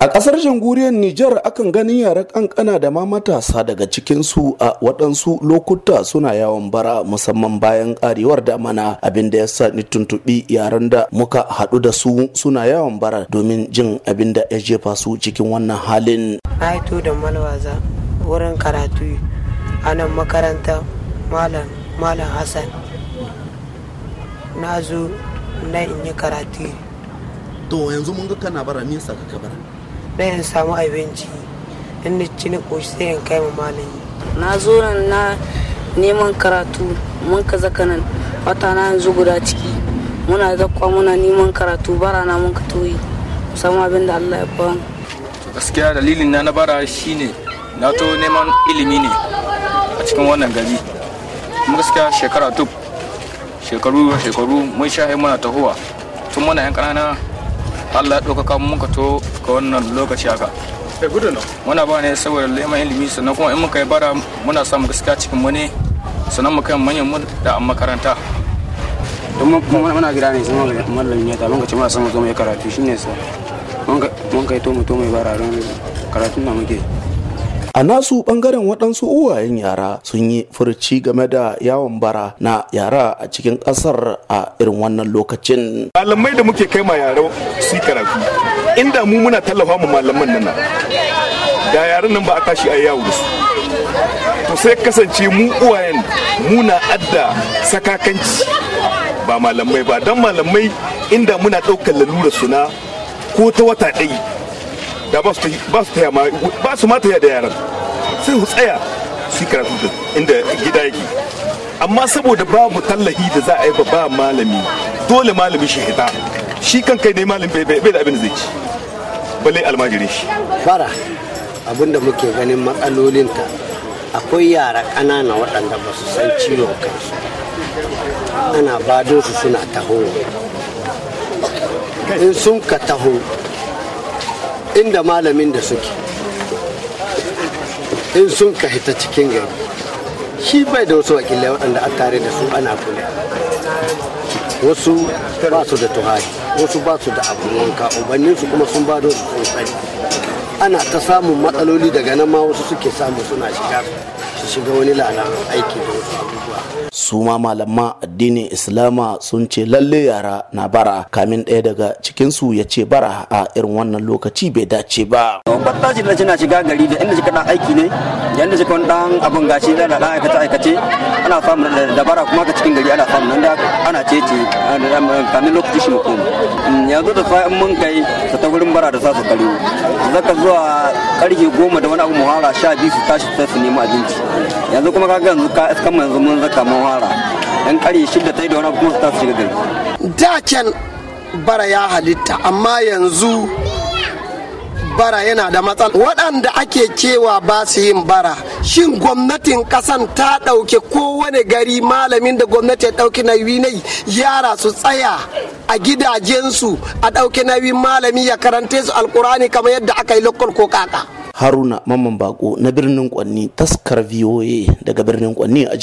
A ƙasar jamhuriyar Nijar akan ganin yara ƙanƙana da ma matasa daga cikinsu a waɗansu lokuta suna yawon bara musamman bayan ƙarewar damana abin da ya sa ni tuntuɓi yaran da muka haɗu da su suna yawon bara domin jin abin da ya jefa su cikin wannan halin. Aito da malwaza wurin karatu a nan makaranta Malam Malam Hassan. Na zo na in yi karatu. To yanzu mun ga kana bara ka bara? na in samu abinci in na ci na koshi sai in kai malami na zo nan na neman karatu mun ka zaka nan wata na yanzu guda ciki muna zakwa muna neman karatu bara na mun ka toyi musamman abin da Allah ya ba gaskiya dalilin na na bara shine na to neman ilimi ne a cikin wannan gari kuma gaskiya shekara tuf shekaru shekaru mun sha muna tahowa tun muna yan ƙanana Allah ya ɗaukaka mun ka to ga wannan lokaci haka muna ba ne saboda neman ilimi sannan kuma in muka yi bara muna samu gaskiya cikin mu ne sannan mu kai manyan mu da makaranta don muna gida ne sun mallami ne ta mun muna samu zo mu yi karatu shine sa mun kai to mu to mu yi bara don karatun na muke a nasu bangaren waɗansu uwayen yara sun yi furci game da yawon bara na yara a cikin ƙasar a irin wannan lokacin malamai da muke kai ma yaro su yi karatu inda mu muna tallafa mu malaman nan da yaran nan ba a tashi a yawo da su to sai kasance mu uwayen muna adda sakakanci ba malamai ba don malamai inda muna ɗaukar lalura suna ko ta wata ɗaya da ba su taya ma ba su ma taya da yaran sai su tsaya su karatu da inda gida yake amma saboda babu tallahi da za a yi ba malami dole malami shi hita shi kan kai ne malam bai da abin da zai ci balle almajiri shi fara abin da muke ganin matsalolinta akwai yara ƙanana waɗanda ba su san ciwon kansu ana badinsu suna taho in sun ka taho inda malamin da suke in sun ka hita cikin gari shi bai da wasu wakilai waɗanda a tare da su ana kula wasu ba su da tuhari wasu ba su da abu wanka ubanninsu kuma sun ba da ana ta samun matsaloli daga nan ma wasu suke samu suna shiga su shiga wani lana aiki da wasu abubuwa su ma addinin islama sun ce lalle yara na bara kamin ɗaya daga cikinsu ya ce bara a irin wannan lokaci bai dace ba Bata shi da na shiga gari da inda shi kaɗan aiki ne da inda shi kan ɗan abin gashi da ɗan aikace aikace ana samun da bara kuma ka cikin gari ana samun da ana cece kamin lokaci shi mutum mm, yanzu da sa'in mun kai ta ta wurin bara da su kare zaka zuwa ƙarfe goma da wani abu muhara sha biyu su tashi su nemi abinci yanzu kuma kaga yanzu kan yanzu mun zaka mun fara yan kari shidda ta yi da wani kuma su ta shiga gari da can bara ya halitta amma yanzu bara yana da matsala waɗanda ake cewa ba su yin bara shin gwamnatin ƙasan ta ɗauke kowane gari malamin da gwamnati ya ɗauki nauyi ne yara su tsaya a gidajensu a ɗauki nauyin malami ya karante su alkurani kamar yadda aka yi lokal ko kaka haruna mamman bako na birnin kwanni taskar voa daga birnin kwanni a